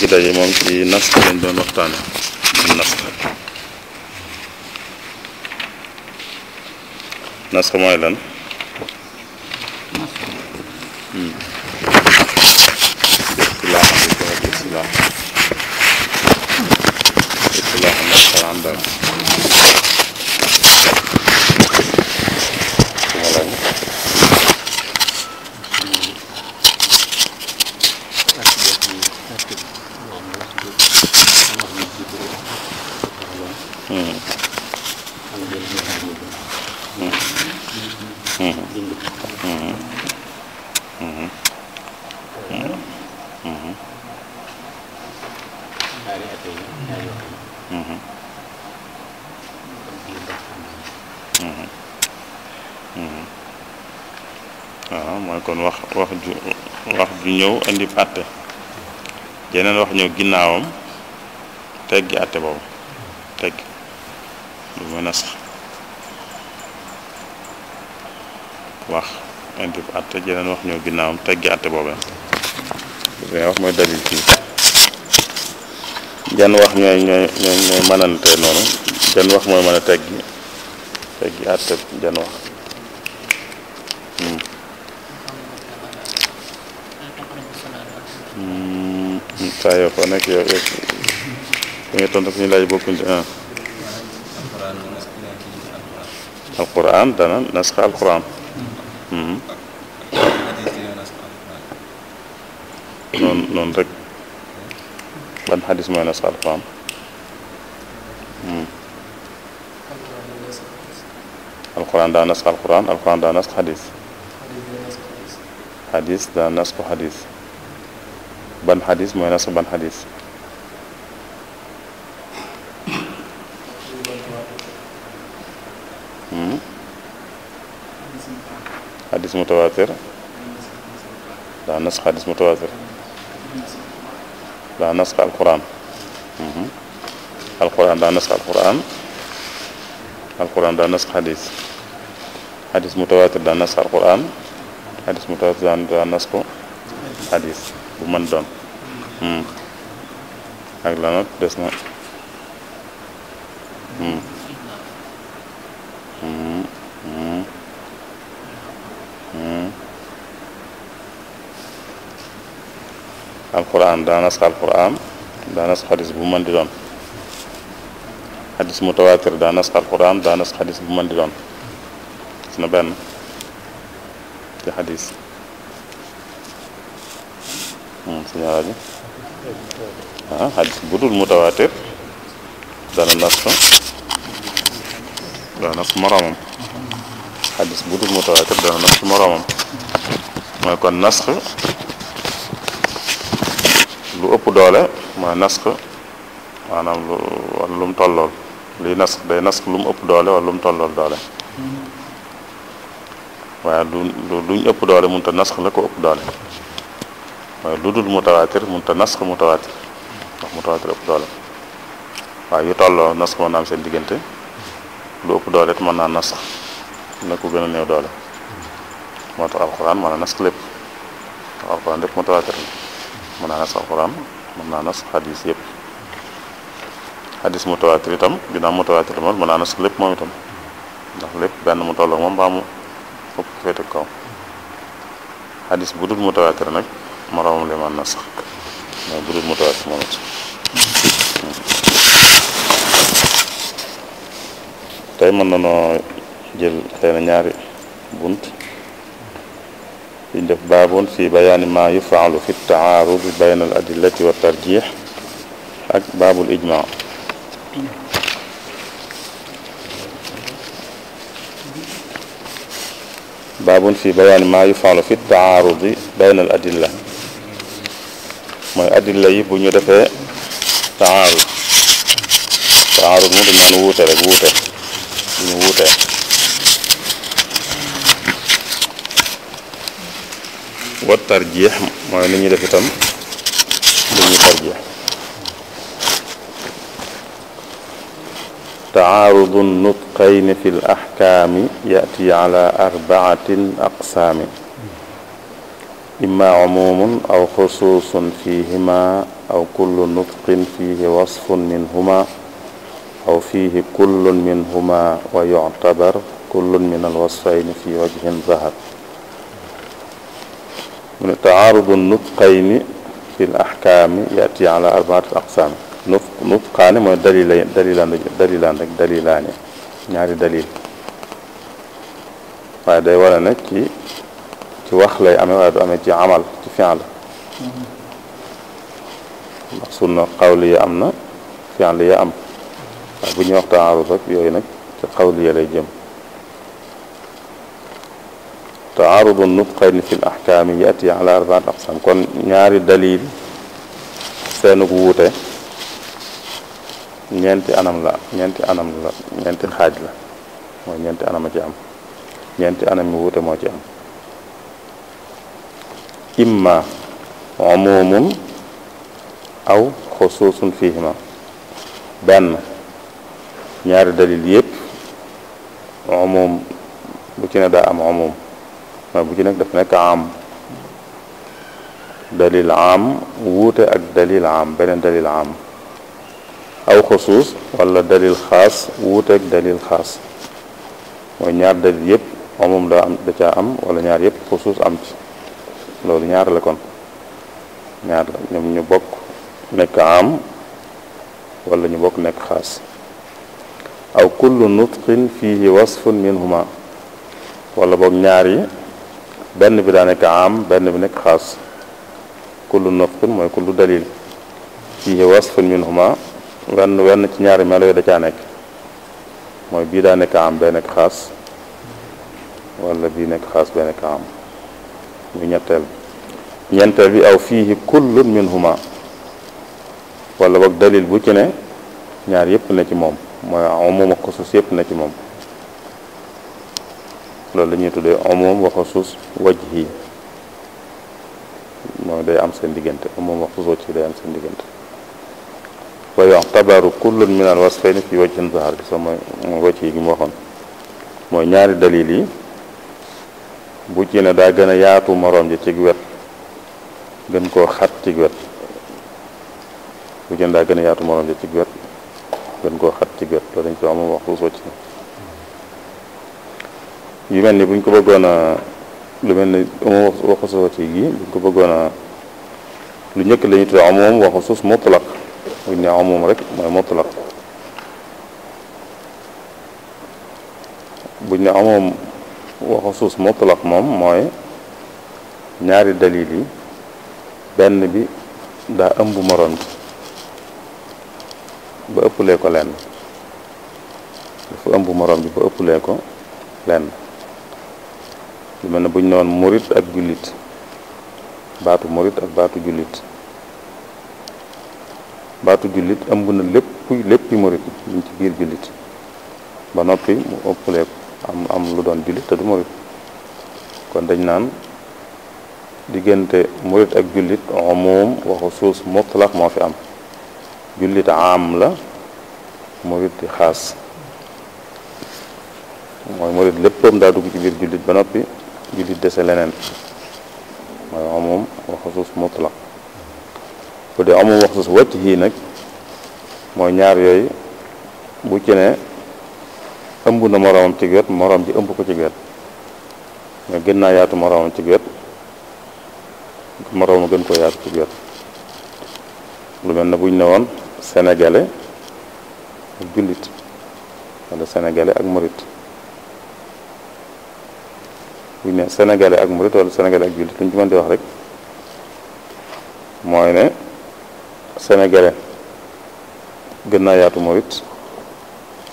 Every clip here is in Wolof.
ci daje moom ci nas lañ doon waxtaane nask nask mooy lan istilaaxan bi ko istilaax istilaaxan nasxal an dara ñu ñëw indi àtte yeneen wax ñëw ginnaawam teggi àtte boobu teggi lu mën a wax indi àtte yeneen wax ñëw ginnaawam teggi àtte boobu la wax mooy dalil fii jan wax ñooy ñooy ñooy ñooy noonu jan wax mooy mën a teggi teggi àtte jan wax tayo ko nag yow li nga tontu ñu lay bokkul ah alquran dana nasxa alquran hmm. non non rek ban hadis mooy nasxa alquran hmm. alquran dan nasxa alquran alquran dan naskah hadis hadis dan naskah hadis ban xadis mooy nas ban xadis hmm? xadis mutawaatir daa nas xadis mutawaatir hmm. daa nas alquran alquran daa nas daa nas xadis xadis mutawaatir daa nas alquran xadis mutawaatir daa nas ko bu mën doon ak la nag des na alquran daa nasx alquran daa nasx xadis bu mën di doon xadis mutawaatir daa nasx alquran daa nasx xadis bu mën di doon gis na benn ci xadis suñu ah xadis bu dul mutawaatir dana nas dana nas moromam xadis bu dul dana nas moromam mooy kon nas lu ëpp doole mooy nas maanaam lu wala lu tollool liy nas day nas lu ëpp doole wala lu mu tollool doole waaye lu lu luñ ëpp doole mënut a nas la ko ëpp doole. mooy lu dul mutawaatir mënut a nasx mutawaatir ndax mutawaatir ëpp doole waaye yu tolloo nasx mën naa seen diggante lu ëpp doole it mën naa nasx na ko gën a néew doole moo mën naa nasx alxuraan mën naa nasx xadis yëpp xadis mutawaatir itam ginnaaw mutawaatir moom lépp moom itam ndax lépp benn mu tolloo moom mbaa mu ëpp féete kaw xadis bu dul mutawaatir nag. مرام لما نسخ مبرود متعرف مانت تاي من نانا جل خير نياري بنت يجب بابون في بيان ما يفعل في التعارض بين الأدلة والترجيح أك باب الإجماع باب في بيان ما يفعل في التعارض بين الأدلة mooy addila yi bu ñu defee taarud taarud mu dañ naan wuute rek wuute bu ñu wuutee wa tarjeex mooy li ñuy def itam lu ñuy tarjeex taarud nutqayni fi l axkaami yati ala arbaati aqsaami إما عموم أو خصوص فيهما أو كل نطق فيه وصف منهما أو فيه كل منهما ويعتبر كل من الوصفين في وجه ظهر من تعارض النطقين في الأحكام يأتي على أربعة أقسام نطق نطقان ما دليل دليلان دليلان دليلان يعني دليل فهذا day تواخلي أمي وأبي أمي تي عمل تفعل مقصود قولي أمنا فعل يا أم بني وقت عارضك بيوينك تقولي لي جم تعارض النطقين في الأحكام يأتي على أربعة أقسام كون نياري دليل سنقوته نينتي أنا ملا نينتي أنا ملا نينتي خاجلة نينتي أنا مجام نينتي أنا موته مجام imma umumun aw xusuusun fihima benn ñaari dalil yëpp umum bu ci ne daa am ci nekk dafa nekk am dalil am wuute ak dalil am beneen dalil am aw xusuus wala dalil xaas wuute ak dalil xaas ñaar dalil yëpp umum daa am wala ñaar yëpp xusuus am ci loolu ñaar la kon ñaar la ñoom ñu bokk nekk am wala ñu bokk nekk xaas aw fii nutqin fihi wasfun minhuma wala boog ñaar yi benn bi daa nekk am benn bi nekk xaas kullu nutqin mooy kullu dalil fihi wasfun minhuma wenn wenn ci ñaari melo yi da caa nekk mooy bii daa nekk am bee nekk xaas wala bii nekk xaas bee nekk am muy ñetteel bi ñeenteel bi aw fiihi kullun minhuma wala boog dalil bu ci ne ñaar yëpp na ci moom mooy umum ak xusuus yëpp na ci moom loolu la ñuy tuddee umum wa xusuus wajhi am seen diggante umum wa yi wajhi day am seen diggante wa yu'tabaru kullun min al wasfayni fi wajhin zahar bi sama wajhi gi mu waxoon mooy ñaari dalil yi bu ci ne da gëna a yaatu morom ji ci wet gën ko xat ci wet bu ci ne gëna yaatu morom ji ci wet gën ko xat ci wet loolu dañ ko amam waxtu socc yu mel buñ ko bëggona a lu mel ni amam so ci yi buñ ko bëggona a lu njëkk la ñuy tuddee amam waxtu sus mutlaq buñ ne mom rek mooy mutlaq buñ ne mom waxu suus mutlaq moom mooy ñaari dalil yi benn bi daa ëmb moroom bi ba ëppalee ko lenn dafa ëmb moroom bi ba ko lenn lu mel ne buñ ñu noon murit ak jullit baatu murit ak baatu jullit baatu jullit ëmb na lépp lépp murit ñu ci biir jullit ba noppi mu ëppalee ko am am lu doon jullit te du murit kon dañ naan diggante murit ak jullit umum waxu suus moo fi am jullit am la murit di xaas mooy murit léppam daa dugg ci biir jullit ba noppi jullit dese leneen mooy umum waxu suus mutlaq bu dee umum waxu suus wàcc yii nag mooy ñaar yooyu bu ci ne ëmb na moroomam ci wet moroom ji ëmb ko ci wet mais gën naa yaatu moroomam ci wet moroomam gën ko yaatu ci wet lu mel ne buñ ñu ne woon sénégalais ak jullit wala sénégalais ak murit bu ñu ne sénégalais ak murit wala sénégalais ak jullit lu ñu ci mën di wax rek mooy ne sénégalais gën naa yaatu murit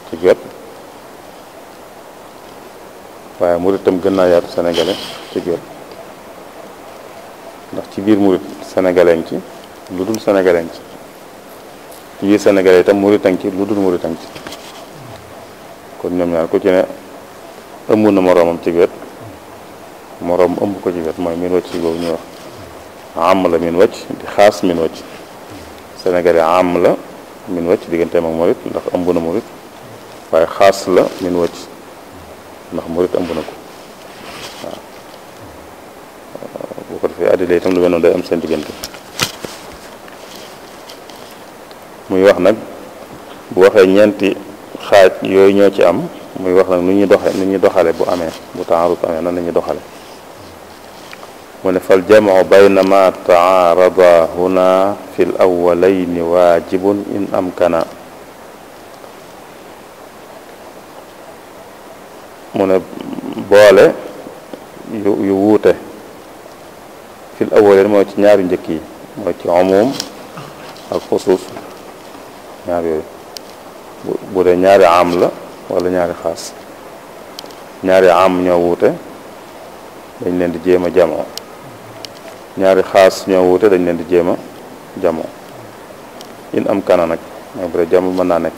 ci wet waaye murit tam gën naa yaatu sénégalais ci biir ndax ci biir murit sénégalais ci lu dul sénégalais ci ci biir sénégalais itam murit tam ci lu dul murit tam ci kon ñoom ñaar ku ci ne ëmb na moroomam ci biir moroom ëmb ko ci biir mooy min wàcc boobu ñuy wax am la min wàcc di xaas min wàcc sénégalais am la min wàcc digganteem ak murit ndax ëmb na murit waaye xaas la min wàcc ndax murit ëmb na ko waaw boo ko defee addile itam lu mel noonu day am seen diggante muy wax nag bu waxee ñeenti xaaj yooyu ñoo ci am muy wax nag nu ñuy doxe nu ñuy doxale bu amee bu taarut amee nan la ñuy doxale mu ne fal jamu bayna ma taarada huna fi l awalayni waajibun in amkana mu ne boole yu yu wuute fil awaleen mooy ci ñaari njëkk yi mooy ci umum ak xusuus ñaar yooyu bu dee ñaari am la walla ñaari xaas ñaari am ñoo wuute dañ leen di jéem a jamoo ñaari xaas ñoo wuute dañ leen di jéem a jamoo in am kana nag mooy bu dee jamoo mën naa nekk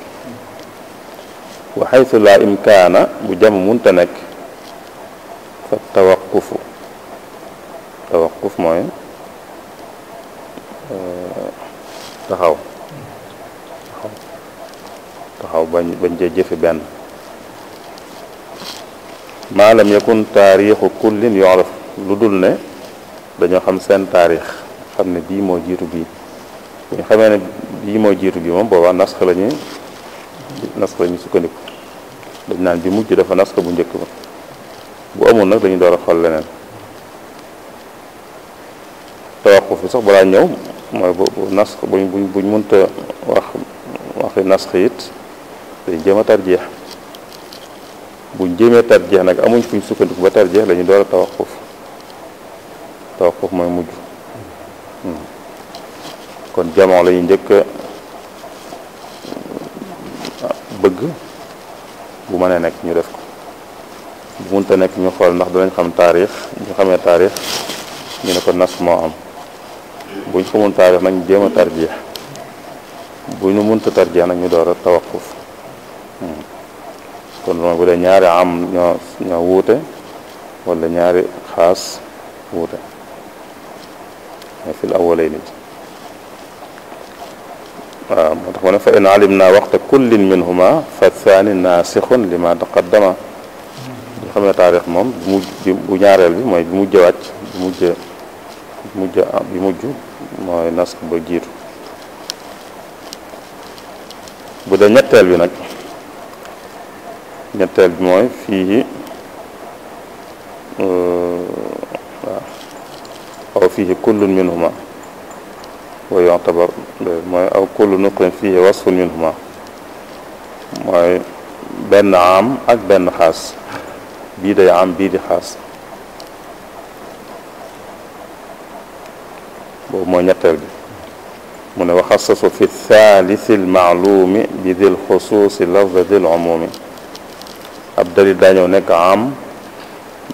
وحيث لا إمكان بجمع منتنك فالتوقف توقف معين آه، تخاو تخاو بنججي في بان ما لم يكن تاريخ كل يعرف لدولنا بنجا خمسين سين تاريخ خم ني بي يعني مو جيتو بي ني خمي ني بي مو جيتو بي موم بو نسخ لا ني نسخ لا ني سوكانيكو dañ naan bi mujj dafa nas ko bu njëkk ba bu amul nag dañu door a xool leneen tawaquf bi sax balaa ñëw mooy bu nas buñ buñ buñ mënta wax waxi nas it dañ jéem tarjeex buñ jéemee tarjeex nag amuñ fuñ sukkandiku ba tarjeex lañu door a tawaquf tawaquf mooy mujj hmm. kon jamono la njëkk mané nek ñu def ko bu nek ñu xol ndax danañ xam tarikh ñu xamé tarikh ñu ne ko nas mo am buñ xamul taarix nag ñu jéem a tarjeex bu ñu munta tarjeex nag ñu door a kon mooy bu dee ñaari am ñoo ñoo wuute wala ñaari khas wuté fi al-awwalayn متكون فإن علمنا وقت كل منهما فالثاني ناسخ لما تقدم خمسة تاريخ مم بموج بنيار البي ماي بموج واتش بموج بموج بموج ماي ناسخ بجير بدأ نتال بينك نتال ماي فيه آه، آه، أو فيه كل منهما wa yu'tabar mooy aw kullu nutqin fihi wasfun minhuma mooy benn am ak benn xaas bii day am bii di xaas boobu mooy ñetteel bi mu ne waxasasu fi thalith almaaluumi bi dil xusuusi lafza dil umumi ab dalil daa ñëw am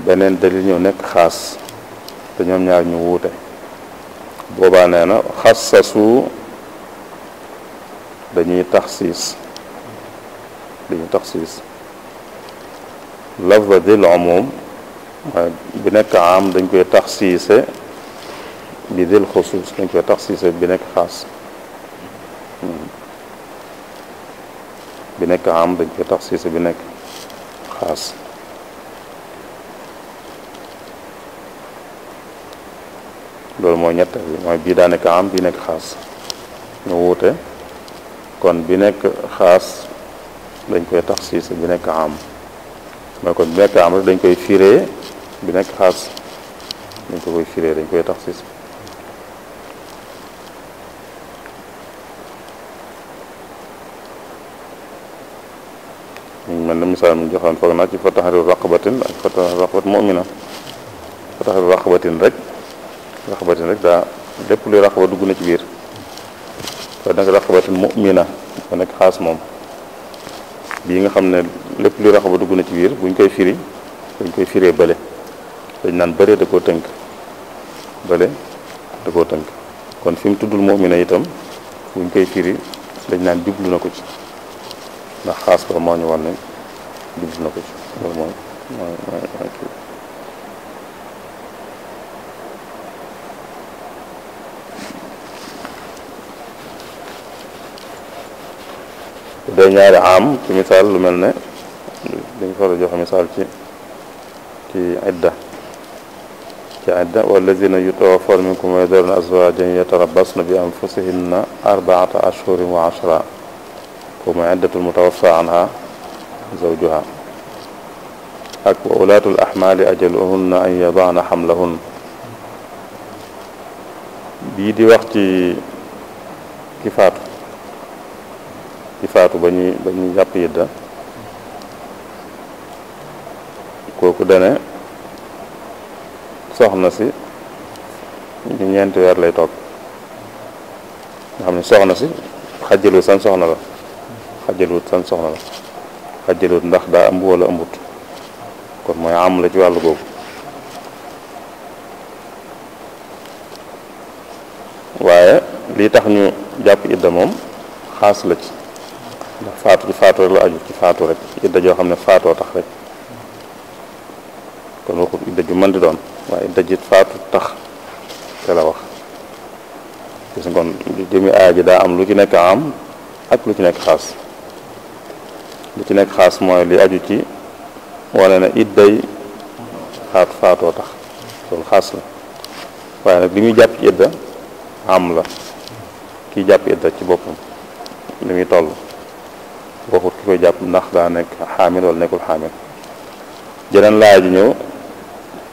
beneen dalil ñëw nekk xaas te ñoom ñaar ñu wuute بوبا خصصوا بني تخصيص بني تخصيص لفظ ذي العموم بنك عام دنكو تخصيص بذي الخصوص دنكو تخصيص بنك خاص بنك عام دنكو تخصيص بنك خاص loolu mooy ñett mooy bii daa nekk am bii nekk xaas ñu wuute kon bi nekk xaas dañ koy tax siis bi nekk am mooy kon bi nekk am rek dañ koy firee bi nekk xaas dañ ko koy firee dañ koy tax siis mel na misaal mi joxoon foog naa ci fataxaru raqabatin ak fataxaru raqabat mu'mina fataxaru raqabatin rek raxabatin rek daa lépp luy raxaba dugg na ci biir kon nag raxabatin mu'mina ko nekk xaas moom bii nga xam ne lépp luy raxaba dugg na ci biir buñ koy firi dañ koy firee bële dañ naan bële da koo tënk bële da koo tënk kon fi mu tuddul mu'mina itam buñ koy firi dañ naan jublu na ko ci ndax xaas ko moo ñu wan ne jublu na ko ci loolu mooy mooy mooy day ñaari am ci misal lu melne dañ fa joxe misal ci ci adda ci adda wal ladina yutawaffawn minkum wa azwajan yatarabbasna bi anfusihinna arbaata ashhurin wa ashra kuma addatu almutawaffa anha zawjuha ak ulatu alahmal ajaluhunna an yadaana hamlahun bi di wax ci kifa ba ñuy ba ñuy jàpp yidda kooku dane soxna si ñu ñeenti weer lay toog nga xam ne soxna si xajalut san soxna la xajalut san soxna la xajalut ndax daa ëmb wala ëmbut kon mooy amula ci wàllu googu waaye lii tax ñu jàpp idda moom xaas la ci faatu ci faatu rek la aju ci faatu rek idda joo xam ne faatoo tax rek kon waxul idda ju mën di doon waaye idda ji faatu tax te la wax gis nga kon jëmi daa am lu ci nekk am ak lu ci nekk xaas lu ci nekk xaas mooy li aju ci wane ne idday faat faatoo tax loolu xaas la waaye nag li muy jàpp ci idda am la kiy jàpp idda ci boppam li muy toll waxut kiko koy jàpp ndax da nek hamil wala nekul hamil jeneen laaj ñëw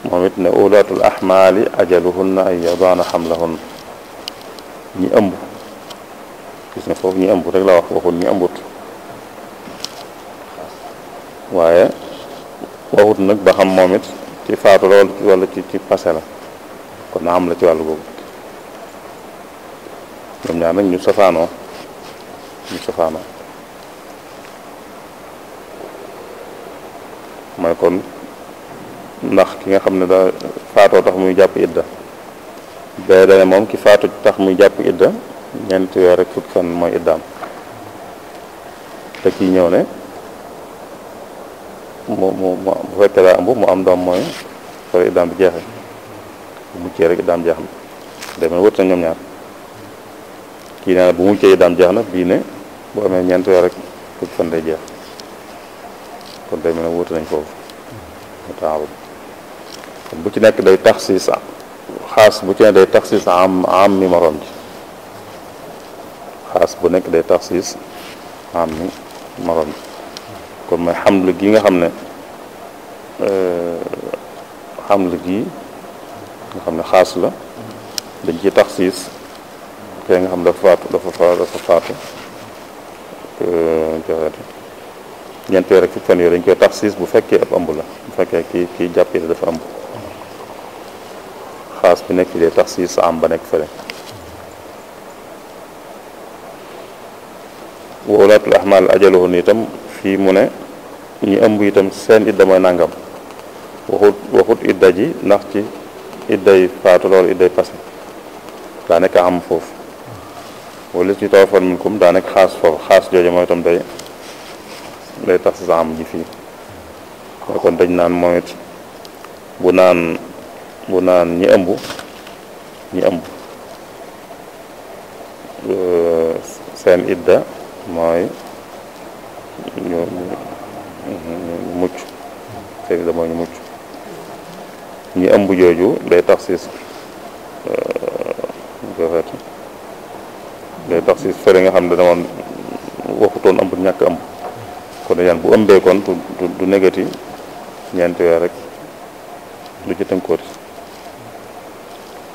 momit ne ulatul ahmal ajaluhunna ay yadaana hamlahun ñi ëmb gis na fofu ñi ëmb rek la wax waxul ñi ëmbut waaye waxut nag ba xam momit ci faatu la wala ci ci passé la kon na am la ci wàllu boobu ñoom ñaar nag ñu safaanoo ñu safaanoo mooy kon ndax ki nga xam ne da faatoo tax muy jàpp idda bee faatu tax muy jàpp idda ñeenti weer rek fukki fan mooy iddaam te kii ñëw ne mu mu mu bu daa ëmb mu am doom mooy fara iddaam bi jeexe bu muccee rek iddaam jeex na day mën na ñoom ñaar kii nee bu muccee iddaam jeex na bii ne bu amee ñeenti weer rek fukki fan day jeex kon day mel ne wuute nañ foofu mu bu ci nekk day tax siis xaas bu ci nekk day tax siis am am mi moroom ji xaas bu nekk day tax siis am mi moroom ji kon mooy xamlu gi nga xam ne euh, xamlu gi nga xam ne xaas la dañ ciy tax siis nga xam dafa faatu dafa faatu euh, ñeent weer ak fan yooyu dañ koy taxsiis bu fekkee ab ëmb la bu fekkee ki kii jàppee dafa ëmb xaas bi nekk dee taxsiis am ba nekk fële wa ulaatul ahmaal ajaluhun itam fii mu ne ñi ëmb itam seen idda mooy nangam waxut waxut idda ndax ci idday faatu loolu idday passé daa nekk am foofu wala ci tawafoon minkum daa nekk xaas foofu xaas jooju mooy itam day day tax zaam ji fii mooy kon dañ naan moom bu naan bu naan ñi ëmb ñi ëmb seen idda mooy ñu ñu mucc seen idda mooy ñu mucc ñi ëmb jooju day tax siis euh, day tax siis nga xam ne dana woon waxutoon ëmb ñàkk ëmb kon yan bu ëmbee kon du du négati ñeenti weer rek lu ci tënkooti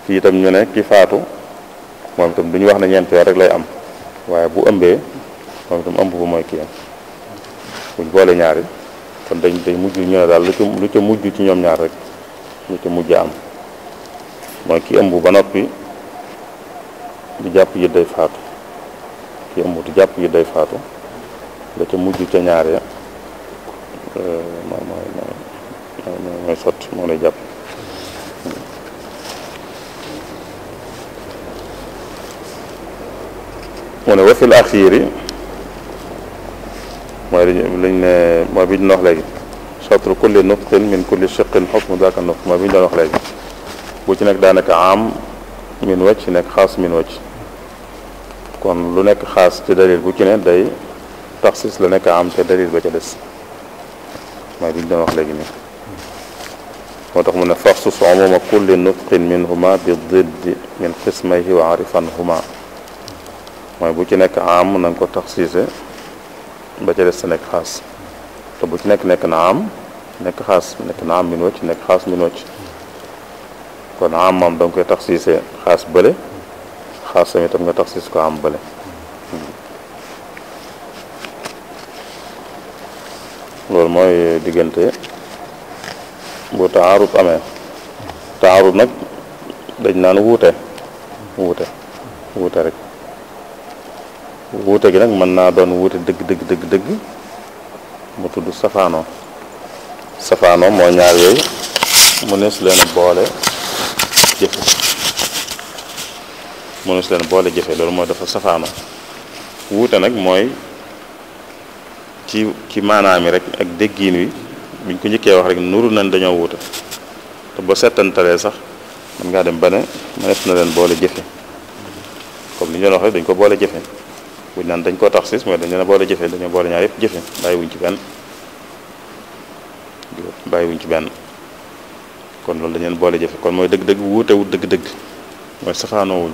ci tam ñu ne ki faatu moom itam du ñu wax ne ñeenti weer rek lay am waaye bu ëmbee moom itam ëmb bu mooy boole ñaari kon dañ dañ mujj ñu ne daal lu ca lu ci ñoom ñaar rek lu ca mujj am mooy ki ëmb ba noppi du jàpp yi day faatu ki ëmb du jàpp yi day faatu ba ca mujj ca ñaar ya moo mooy mooy sot moo lay jàpp mu ne wa fil axiir yi mooy lañ ne mooy bi ñu wax léegi satru kulli nutqin min kulli shiqin xukmu daaka nutq mooy bi ñu doon wax léegi bu ci nekk daanaka am min wacc nekk xaas min wacc kon lu nekk xaas ci dalil bu ci ne day تخصيص لنا كعام تدريب بجلس ما بين دماغ لجنة وتقمنا فخصص عموم كل نطق منهما بالضد من قسمه وعرفنهما ما بوجنا كعام ننكو تخصيص بجلس نك خاص تبوجنا كنك نعم نك خاص نك نعم من وجه نك خاص من وجه كون عام مام دونك تخصيص خاص بله خاص ميتم تخصيص كعام بله loolu mooy diggante bu taarub amee taarub nag dañ naan wuute wuute wuute rek wuute gi nag mën naa doon wuute dëgg dëgg dëgg dëgg mu tudd safaano safaanoo moo ñaar yooyu mu nees leen boole jëfe mu leen boole jëfe loolu mooy dafa safaanoo wuute nag mooy ci ci maanaam yi rek ak déggiin wi buñ ko njëkkee wax rek nuru nañ dañoo wuute te ba settantalee sax mën ngaa dem ba ne mënees na leen boole jëfe comme li ñu doon dañ ko boole jëfe buñ naan dañ koo tax sis mooy dañ leen dañoo boole ñaar yëpp ci benn bàyyi ci benn kon loolu dañ boole jëfe kon mooy dëgg-dëgg wuute dëgg-dëgg mooy safaanoowuñ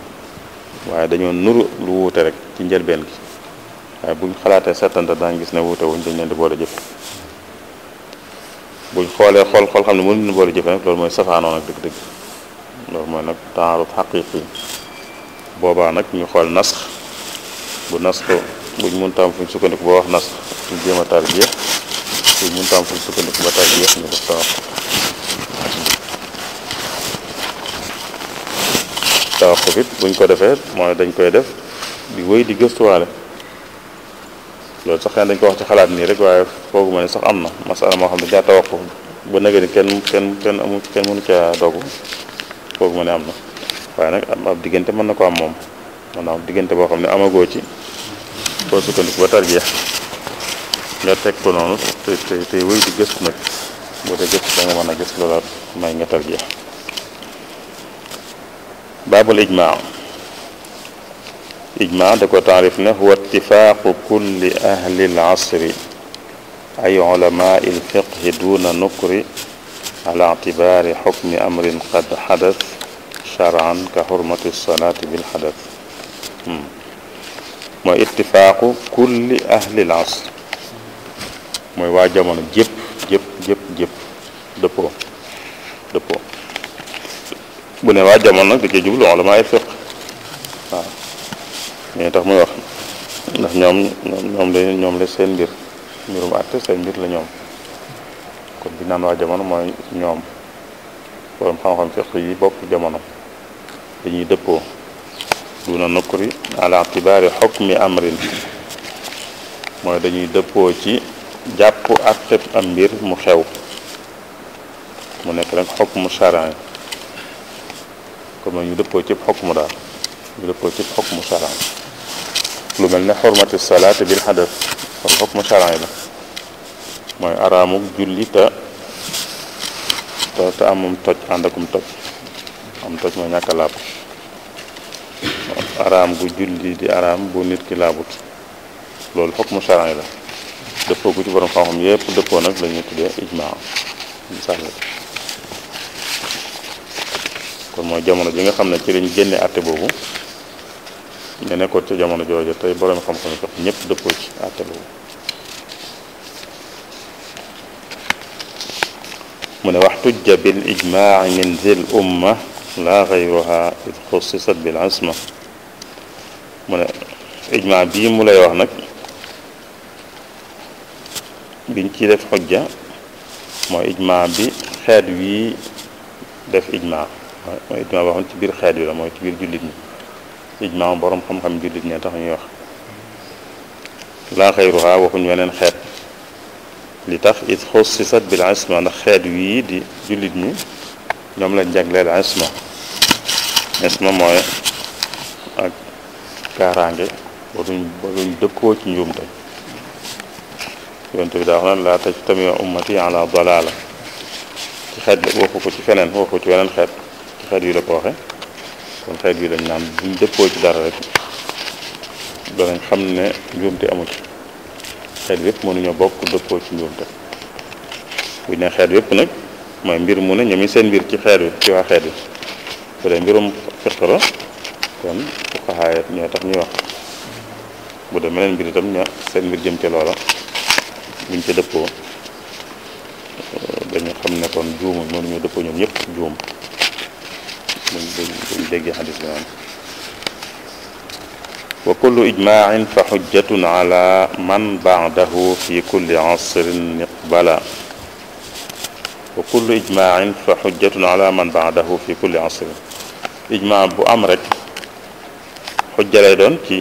waaye dañoo nuru lu wuute rek ci njëlbeen gi waaye buñ xalaatee settante daañ gis ne wuute wuñ dañ leen di boole jëfe buñ xoolee xool xool xam ne mënuñ leen boole jëfe nag loolu mooy safaanoo nag dëgg-dëgg loolu mooy nag taarut xaqiqi boobaa nag ñu xool nasx bu nasx buñ mun taam fuñ sukkandiku wax nasx ñu jéem a tarbiya buñ mun taam fuñ sukkandiku ba tarbiya ñu def tawakkul tawakkul it buñ ko defee mooy dañ koy def di wéy di gëstuwaale loolu sax xëy dañ ko wax ci xalaat nii rek waaye foogu ma ne sax am na masala moo xam ne jaata wax ko ba nagani kenn kenn kenn amu kenn mënu caa dogu foogu ma ne am na waaye nag am ab diggante mën na ko am moom maanaam diggante boo xam ne amagoo ci boo sukkandiku ba tarjeex nga teg ko noonu te te te wéy di gëstu nag boo dee gëstu da nga mën a gëstu loolaat may nga tarjeex baabul ijmaa اجماع دكو تعرفنا هو اتفاق كل اهل العصر اي علماء الفقه دون نكر على اعتبار حكم امر قد حدث شرعا كحرمة الصلاة بالحدث ما اتفاق كل اهل العصر ما واجبنا جب جب جب جب دبو دبو بني واجبنا دكي جبلو علماء الفقه آه. ñooy tax muy wax ndax ñoom ñoom la ñoom la seen mbir mbirum àtte seen mbir la ñoom kon bi naan waa jamono mooy ñoom borom xam-xam fiq yi bokk jamono dañuy dëppoo duna nukkuri ala tibaari xukmi amrin mooy dañuy dëppoo ci jàpp àtteb am mbir mu xew mu nekk rek xukmu charan comme ñu dëppoo ci xukmu daal بروتيب حكم شرعي لو ملنا حرمة الصلاة بالحدث فالحكم شرعي لا ما أرامك جلي تا تا أمم تج عندكم تج أم تج ما نك لاب أرام جلي دي أرام بونيت كلابوت لو حكم شرعي لا دفعوا كتير برضو فهم يب دفعوا نك لين يتدي إجماع مثال كل ما جمعنا جينا خمنا كيرين جنة أتبوه ñu nekkoon ci jamono jooju tey borom xam-xam jox ñëpp dëppoo ci àtte boobu mu ne wax tujja bil ijmaa min zil umma la gayruha id xussisat bil asma mu ne ijmaa bii mu lay wax nag biñ ci def xujja mooy ijmaa bi xeet wi def ijmaa mooy ijmaa boo xam ci biir xeet wi la mooy ci biir jullit ñi إجماع برام خم خم جلد نيتا خيوا لا خيرها وكن يلين خير لتاخ إتخصصت بالعسما نخير ويد جلد مي يوم لنجعل العسما عسما ماي كارانجي بدون بدون دكوت نجوم تاي وانتو بداخلان لا تجتمع أمتي على ضلالة تخد وفوكو تفنن وفوكو تفنن خد تخد يلقوه kon tey jii dañ naan buñ dëppoo ci dara rek danañ xam ne njuumte amu ci xeet yëpp mënuñoo bokk dëppoo ci njuumte buñ ne xeet yëpp nag mooy mbir mu ne ñoom seen mbir ci xeet wi ci waa xeet wi bu dee mbirum fiq la kon fuqahaa ñoo tax ñuy wax bu dee meneen mbir itam ña seen mbir jëm ci loola buñ ca dëppoo dañu xam ne kon juumul mënuñoo dëppoo ñoom ñëpp juum وكل إجماع فحجة على من بعده في كل عصر مقبلا وكل إجماع فحجة على من بعده في كل عصر إجماع بو أمرك حجة لدون كي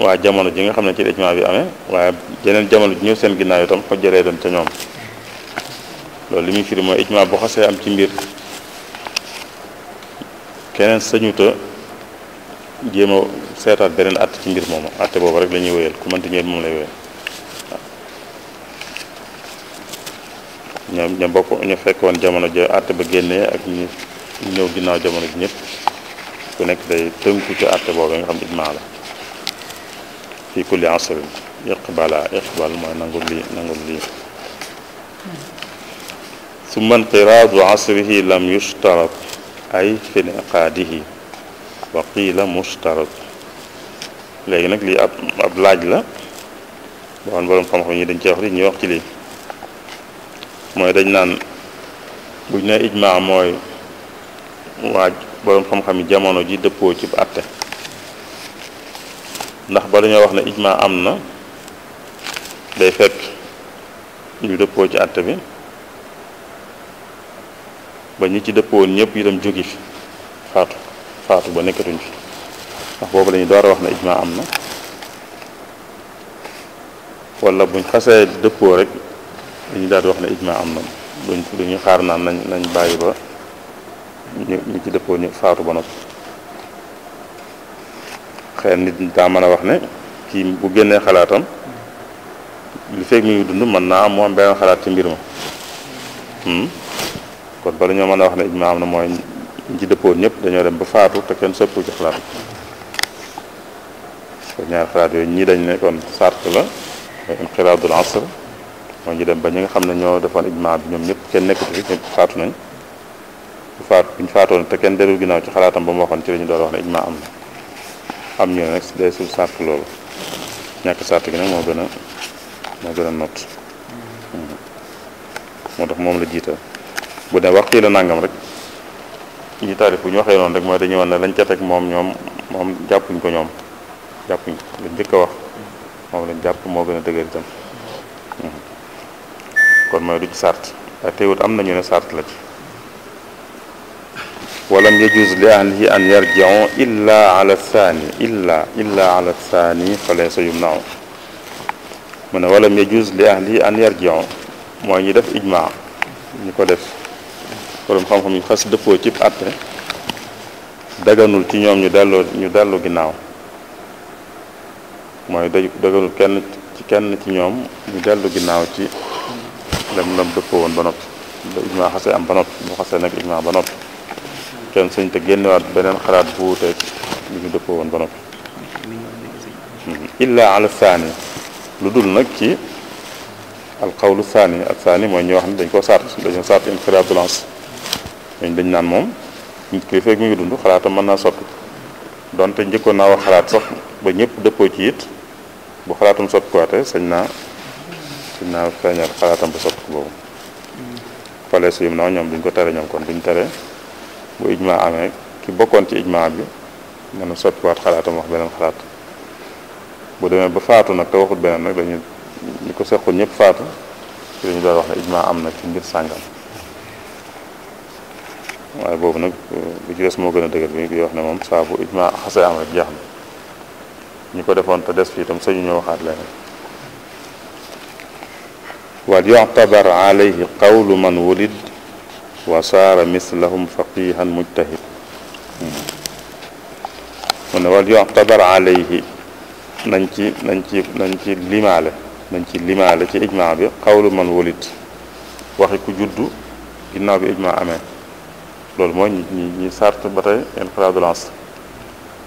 وجمال جنة خمنا كي إجماع بي أمي وجنال جمال جنة سن جنة يتم حجة لدون تنوم لو لمي فيرمو إجماع بو خسي أم تنبير keneen sañuta jéem a seetaat beneen att ci mbir moomu atte boobu rek lañuy ñuy wéyal ku mënti ñëw moom lay wéyal ñoom ña bokk ñu fekkoon jamono ja àtte ba génnee ak ñi ñëw ginnaaw jamono ji ñëpp ku nekk day tënku ci àtte boobu nga xam ijmaa la fii kulli asrin iqbala iqbal mooy nangul lii nangul lii ثم انقراض عصره لم يشترط ay fi inqaadihi wa qiila mustarat léegi nag lii ab ab laaj la boo xam xam-xam ñi dañ ci wax li ñuy wax ci lii mooy dañ naan buñ ne ijmaa mooy waaj boroom xam-xam yi jamono ji dëppoo ci àtte ndax ba dañoo wax ne ijmaa am na day fekk ñu dëppoo ci àtte bi ba ñu ci dëppoon ñëpp itam jógi fi faatu faatu ba nekkatuñ fi ndax boobu la door a wax na ijma am na wala buñ xasee dëppoo rek dañu daal di wax ne ijma am na duñ duñu xaar naan nañ bàyyi ba ñu ñu ci dëppoo ñu faatu ba nag xëy nit daa mën a wax ne kii bu génnee xalaatam li fekk mi ngi dund mën naa am mu am benn xalaat ci mbir ma hmm? kon bala ñoo mën a wax ne ijma am na mooy ñi ci ñëpp dañoo dem ba faatu te kenn sëppu ci xalaatu kon ñaari ñii dañ ne sart la mooy inqiraadul asr mooy ñu dem ba ñi nga xam ne ñoo defoon ijma bi ñoom ñëpp kenn nekkatu fi ñëpp nañ bu faatu bu ñu faatoon te kenn ci xalaatam ba mu ci la ñu doon wax ne ijma am na am ñu ne nag sart loolu ñàkk sart gi nag moo gën a moo gën a not moom la jiital bu dee wax kii la nangam rek ñu taalif bu ñu waxee noonu rek mooy dañu wan ne lañ ca teg moom ñoom moom jàppuñ ko ñoom jàppuñ ko lañ njëkk wax moom lañ jàpp moo gën a dëgër itam kon mooy du ci sart waaye teewut am ne sart la ci walam yajuz li ahlihi an yarji'u illa ala thani illa illa ala thani ne walam yajuz li ahlihi an yarji'u mooy def ijma ko def borom xam-xam yu xas defo ci àtte daganul ci ñom ñu delloo ñu dellu ginaaw moy daganul kenn ci kenn ci ñom ñu dellu ginaaw ci lam lam defo won ba nopp ba ijmaa xasee am ba nopp bu xasse nak ijma ba nopp kenn señ te genn waat benen xalaat bu wuuteeg ñu defo won ba nopp illa ala thani lu dul nag ci al qawlu thani al thani دنجو سات xam ne dañ koo ñooñu dañ naan moom nit ki fekk mi ngi dund xalaatam mën naa soppi donte njëkkoon naa wax xalaat sax ba ñëpp dëppoo ci it bu xalaatam soppi kuwaate sañ naa sañ naa feeñal xalaatam ba soppi boobu fale si yum na ñoom duñ ko tere ñoom kon duñ tere bu ijmaa amee ki bokkoon ci ijmaa bi a soppiwaat xalaatam wax beneen xalaat bu demee ba faatu nag te waxut beneen nag dañu ñu ko sequl ñëpp faatu ci dañu doon wax ne ijmaa am na ci mbir sàngam بوفنا بجلس موجنا دكتور بيجي وحنا مم صعب إجماع حسي عمل جهنم نقدر فون في تمسي جنوا خد له وليعتبر عليه قول من ولد وصار مثلهم فقيها مجتهد من وليعتبر عليه ننتي ننتي ننتي لما له قول من ولد وحكي جدو إنه بإجماع أمين loolu mooy ñi ñi sart ba tey inqiraadu de lance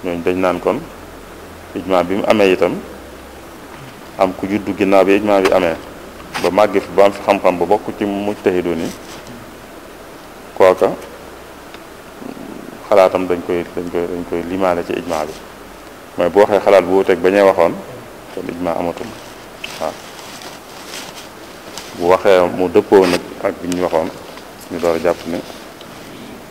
ñooñu dañ naan kon ijma bi mu amee itam am ku juddu ginnaaw bi ijma bi amee ba màgg fi ba am fi xam-xam ba bokk ci mujtahidu ni kooka xalaatam dañ koy dañ koy dañ koy limaale ci ijma bi mooy boo waxee xalaat bu wuteeg ba waxoon kon ijma amatul bu waxee mu dëppoo nag ak bi waxoon ñu door a jàpp ni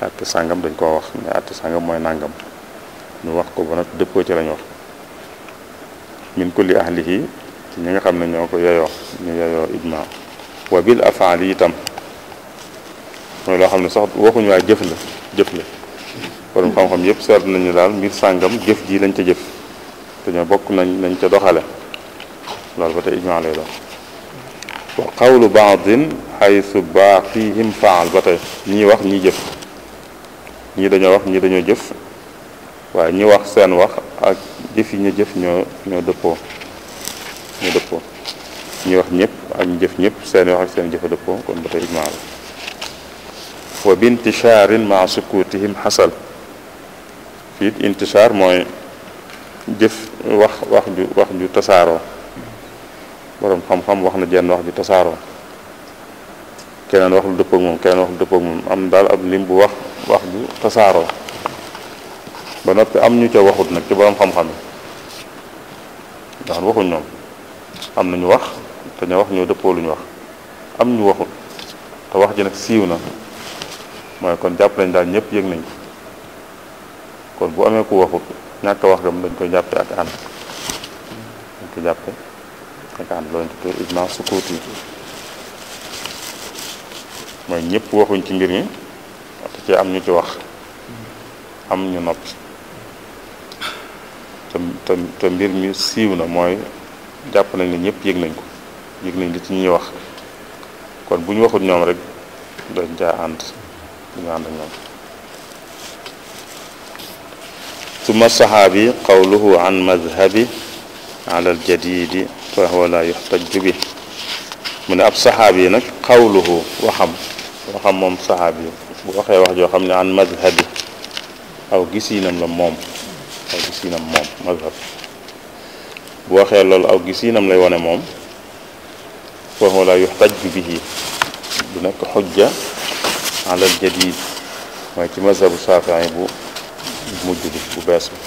atte sàngam dañ ko wax ne atte sàngam moy nàngam ñu wax ko ba depp dëppoo ci lañ wax min kulli ahlihi ci ñi nga xamne ñoko yoyo ñu yoyo ibna wa bil af'ali tam moy lo xamne sax waxu ñu waxuñu jëf la jëf la borom xam-xam yëpp sét nañu dal mbir sàngam jëf ji lañ ca jëf te ñoo bokku nañ nañ ca doxale lool ba tay ijma lay do wa qawlu baadin haythu baqihim faal ba tay ñi wax ñi jëf ñii dañoo wax ñi dañoo jëf waaye ñi wax seen wax ak jëf yi ñu jëf ñoo ñoo dëppoo ñoo dëppoo ñi wax ñëpp ak ñu jëf ñëpp seeni wax ak seen jëfa dëppoo kon ba tey ijmaa la wa bi intisharin maa sukutihim xasal fiit intishaar mooy jëf wax wax ju wax ju tasaaroo borom xam-xam wax na jenn wax ju tasaaroo keneen wax lu dëppoo moom keneen wax lu dëppoo moom am daal ab lim bu wax wax ju tasaaroo ba noppi am ñu ca waxut nag ci borom xam-xam yi ndax waxuñ ñoom am na ñu wax te ña wax ñoo dëppoo lu ñu wax am ñu waxut te wax ji nag siiw na mooy kon jàpp lañ daal ñëpp yëg nañ kon bu amee ku waxut ñàkk wax gam dañ koy jàppee ak ànd dañ koy jàppe ak ànd loolu koy ijma yi mooy ñëpp waxuñ ci mbir ñi ci am ñu ci wax am ñu noppi te te mbir mi siiw na mooy jàpp nañ ne ñëpp yëg nañ ko yëg nañ li ci ñuy wax kon bu ñu waxut ñoom rek dañ caa ànd ñu ànd ak ñoom summa saxaabi qawluhu an madhabi ala aljadidi fa huwa la yuxtaju bi mu ne قوله saxaabi yi صحابي bu waxee wax joo xam ne an mazhabi aw gisiinam la moom aw gisiinam moom mazhab bu waxee loolu aw gisiinam lay wane moom foofu la yuxtaj bihi du nekk xujja ala al jadid mooy ci mazhabu Shaafi'i bu mujj bi bu bees bi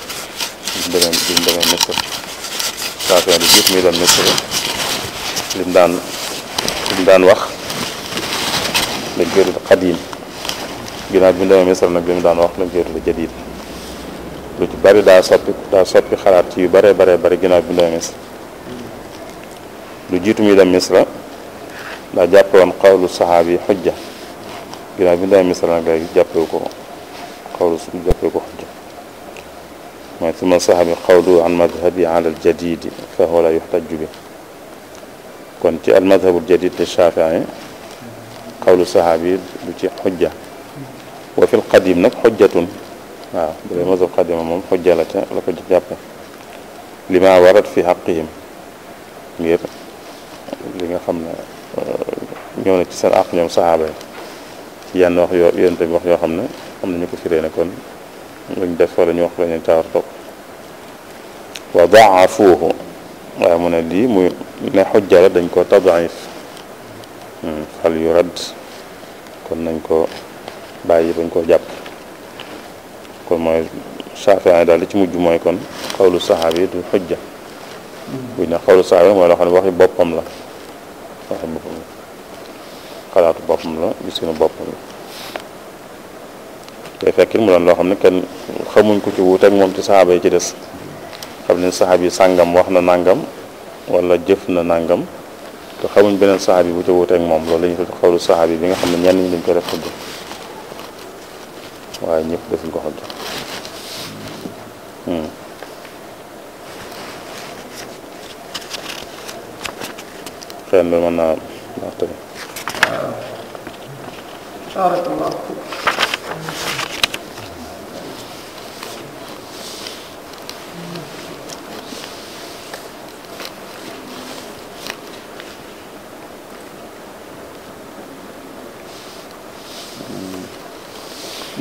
bi mu demee bi mu demee Misr Shaafi'i bi jiit muy dem Misr lim daan lim daan wax dañ koy xadiim ginnaaw bi mu demee Misra nag li mu daan wax nag jër la jadiid lu ci bari daa soppi daa soppi xalaat ci yu baree baree bari ginnaaw bi mu demee Misra lu jiitu muy dem Misra daa jàppe woon xawlu saxaabi xujja ginnaaw bi mu demee Misra nag léegi jàppewu ko xawlu jàppewu ko xujja mooy suma saxaabi xawlu an madhabi ala al jadidi fa huwa la yuxtaju bi kon ci al madhabul jadid li Shaafi'i xawlu saxaabi du ci xujja وفي القديم نك حجه واه مذهب القديم مم حجه لا لا جاب لما ورد في حقهم غير لما خمنا نيونا سي سن اخ نيوم صحابه يان واخ يو يونت واخ يو خمنا خمنا نيكو في رينا كون نون ديف فلا نيو واخ لا نين تار توك وضعفوه من لي مو لا حجه لا دنجكو تضعيف هل يرد كون نكو bàyyi bañ koo jàpp kon mooy Shaafi'i daal li ci mujj mooy kon xawlu yi du xujja buñ ne xawlu saxaabi mooy loo xam ne waxi boppam la xalaatu boppam la gisinu boppam la te fekkit loo xam ne kenn xamuñ ko ci wuuteeg moom ci saxaaba yi ci des xam ne saxaab yi sangam wax na nàngam wala jëf na nàngam te xamuñ beneen saxaab yi bu ci wuuteeg moom loolu la ñuy tudd saxaab yi bi nga xam ne ñenn ñi dañ ko def xujja waaye ñépp defuñ ko xajja hmm. xëy na naa wax tamit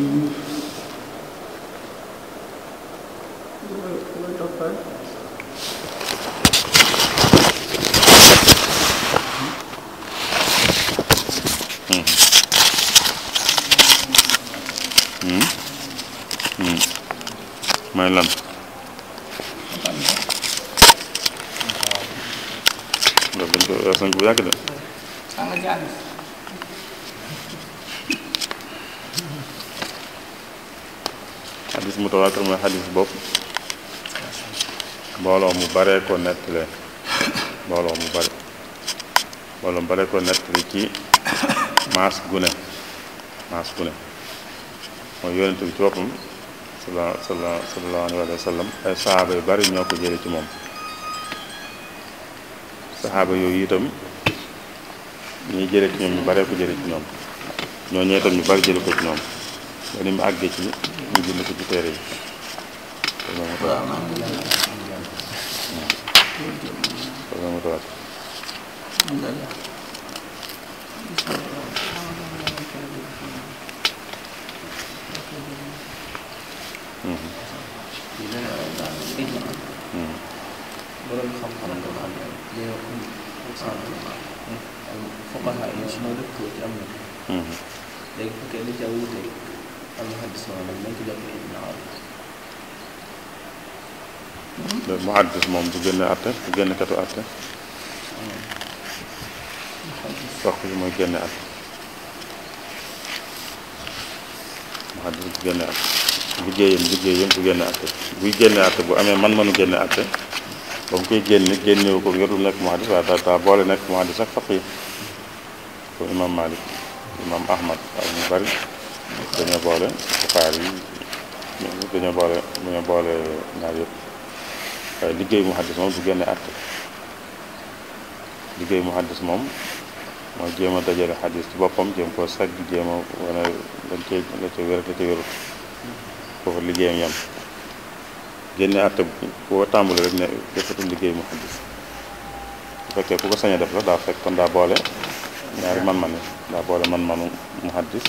Sim. Muito bem. mười lần rồi bên tôi sang cú giác cái nữa xadis mutawaatir mooy xadis bopp mbooloo mu baree ko nettali mbooloo mu bare mbooloo mu baree ko nettali ci maas gune maas gune mooy yonent bi ci boppam sallallahu alayhi wa sallam ay saxaaba yu bari ñoo ko jële ci moom saxaaba yooyu itam ñuy jële ci ñoom ñu baree ko jële ci ñoom ñoo ñee itam ñu bari jële ko ci ñoom ba ni mu àggee ci Mm-hmm. bind hmm ci hmm yi hmm ma hmm borom hmm xam hmm xam hmm day hmm fuqaha hmm ñoo hmm ci hmm na hmm fekkee hmm ca hmm المهندس ممدوح جبري بن عابس المهندس ممدوح جن أتى جن كتو أتى فخذ ما جن أتى المهندس جن أتى بيجين بيجين بيجين أتى بيجين أتى بو أمي من من جن أتى بوم كي جن جن يوكل يرول لك مهندس واتا تابول لك مهندس فخذ الإمام مالك الإمام أحمد أبو بكر dañoo boole xaar yi dañoo boole dañoo boole ñaar yëpp waaye liggéey muhaddis moom du génne àtte liggéey muhaddis moom mooy jéem a dajale xadis ci boppam jéem koo sag jéem a wane lañ cay la ca wér la ca wérut foofu liggéeyam yam génne àtte boo tàmbali rek ne defatul liggéey muhaddis bu fekkee ku ko sañ def la daa fekk kon daa boole ñaari man-man yi daa boole man-manu muhaddis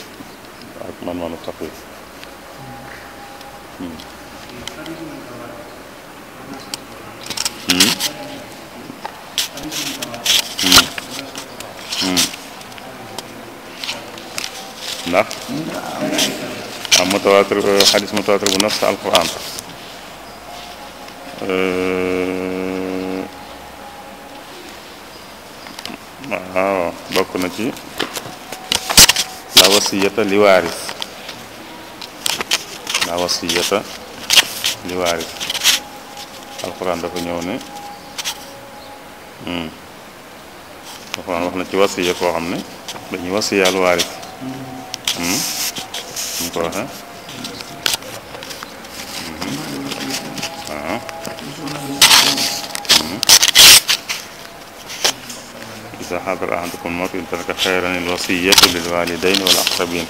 من التقويم نعم. نعم متواتر حديث متواتر بنص القرآن أه... آه، بكونتي la wasiyata li waaris la wasiyata li waaris alxuraan dafa ñëw ne hmm, alxuraan wax na ci wasiya koo xam ne dañuy wasiyaal waaris ñu hmm, ko waxe hmm, إذا حضر أحدكم الموت ترك خيرا الوصية للوالدين والأقربين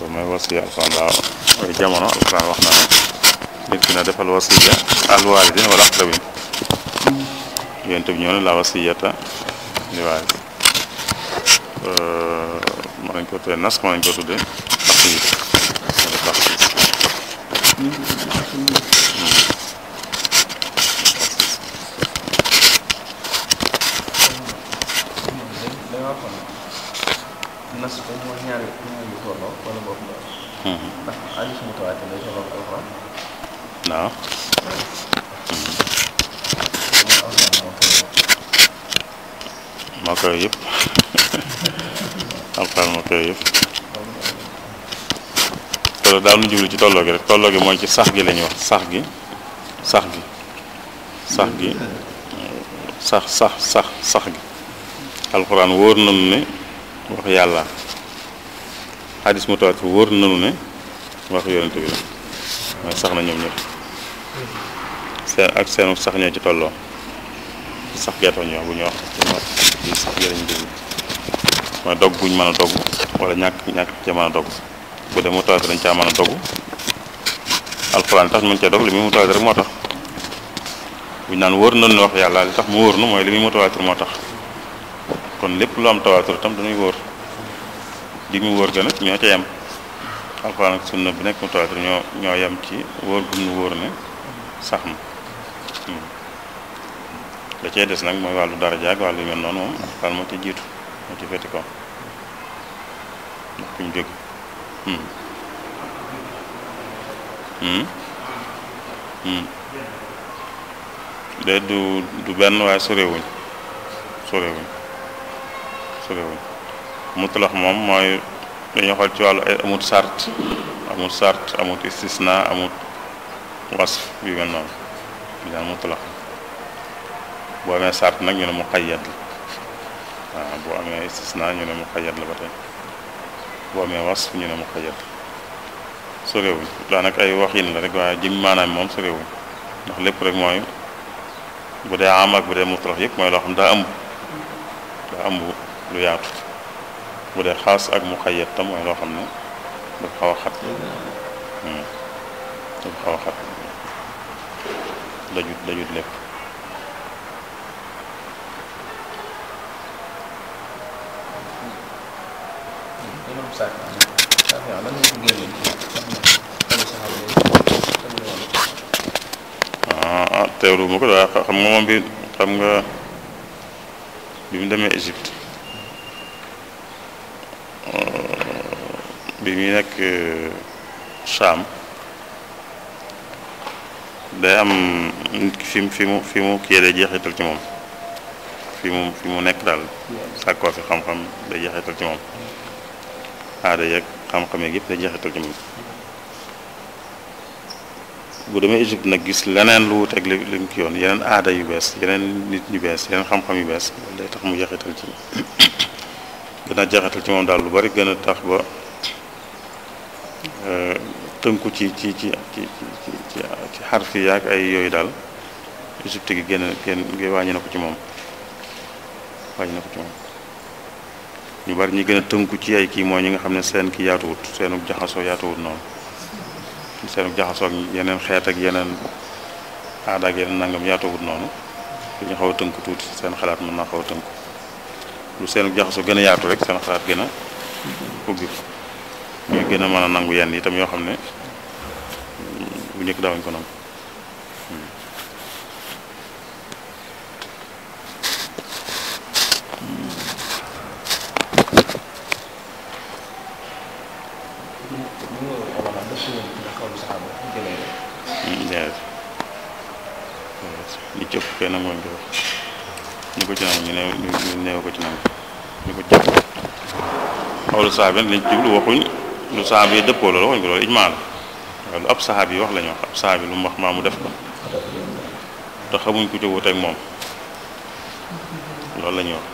ثم الوصية أصلا لا جمعنا أصلا وحنا يمكن أن الوصية الوالدين والأقربين ينتبه يعني نيونا لا وصية لوالد أه، ما نكو تي نسك ما نكو تي تخصيص تخصيص koy yëpp alxuraan moo koy yëpp tolloo daal nu jublu ci tolloo gi rek tolloo gi mooy ci sax gi la ñuy sax gi sax gi sax gi sax sax sax sax gi alxuraan wóor nanu ne wax yàlla xadis mu tawaat fi wóor nanu ne wax yonente bi la mooy sax na ñoom ñëpp seen ak seenu sax ñoo ci tolloo sax gerte bu ci sax yële ñu mooy dog bu ñu mën a dog wala ñàkk ñàkk cee mën a dog bu dee mu tawte dañ caa mën a dog alxuraan tax cee dog li muy mu moo tax bu naan wóor nañu wax yàlla li tax mu wóor na mooy li muy mu tawaatur moo tax kon lépp lu am tawaatur tam dañuy wóor li mu wóor gën a ñoo ci yam alxuraan ak sunna bi nekk mu tawaatur ñoo ñoo yem ci wóor bu mu wóor ne sax na. Hmm. da cee des nag mooy wàllu dara jaag wàllu mel noonu moom fal moo ci jiitu moo ci féeti ko ndax hmm. Hmm. Hmm. benn waaye sorewuñ sorewuñ sorewuñ mutlax moom mooy dañu xool ci wàllu ay amut sart amut sart amut istisna amut wasf yu mel noonu daal mutlax boo amee sart nag ñu ne mu xayyat la waaw boo amee istisna ñu ne mu xayyat la ba tey boo amee wasf ñu ne mu xayyat la sorewuñ daanaka ay waxin la rek waaye jëm maanaam moom sorewuñ ndax lépp rek mooy bu dee am ak bu dee mutlaq yëpp mooy loo xam daa ëmb daa ëmb lu yaatu bu dee xaas ak mu xayyat tam mooy loo xam ne dafa xaw a xat dafa xaw a xat dajut dajut lépp sax sax waaw lan ko génne ah xam nga moom bi xam nga bi mu demee Égypte bi muy nekk euh, Saam day am fi mu fi mu fi mu kii day jeexital ci moom fi mu fi mu nekk daal sàkkoo fi xam-xam day jeexital ci moom. aada yeeg xam-xam yeeg yëpp day jeexital ci moom bu demee Égypte nag gis leneen lu wuteeg li li ki yoon yeneen aada yu bees yeneen nit ñu bees yeneen xam-xam yu bees loolu day tax mu jeexital ci gën ci moom daal lu bari gën a tax ba euh, tënku ci ci ci ci ci ci xarfi yaak ay yooyu daal Égypte gi gën a gën wàññi na ko ci moom wàññi na ko ci moom. ñu bari ñi gën a tënku ci ay kii mooy ñi nga xam ne seen ki yaatuwut seenu jaxasoo yaatuwut noonu seenu jaxasoo ak yeneen xeet ak yeneen aada ak yeneen nangam yaatuwut noonu xaw a tënku tuuti seen xalaat mën naa xaw a tënku lu seenu jaxasoo gën a yaatu rek seen xalaat gën a ubbi ñuy gën a mën a nangu yenn itam yoo xam ne bu njëkk daawuñ ko nangu li ko ci am ñu néew ñu néew ko ci nangu ñu ko ci xawlu saxaab yi lañ jublu waxuñ lu saxaab yi dëppoo loolu waxuñ ko loolu ijmaa la waaw lu ab saxaab yi wax la ñu wax ab saxaab yi lu mu wax maa mu def ko te xamuñ ku ci wut ak moom loolu la ñuy wax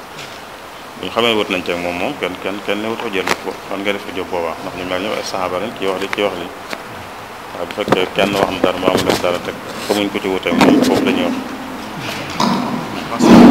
bu ñu xamee wut nañ ci ak moom moom kenn kenn kenn newut ojjal ko fan nga def ojjal boobaa ndax ñu mel ñëw ay saxaaba lañ ci wax li ci wax li waaw bu fekkee kenn wax na dara maa mu def dara teg xamuñ ku ci wut ak moom foofu la ñuy wax.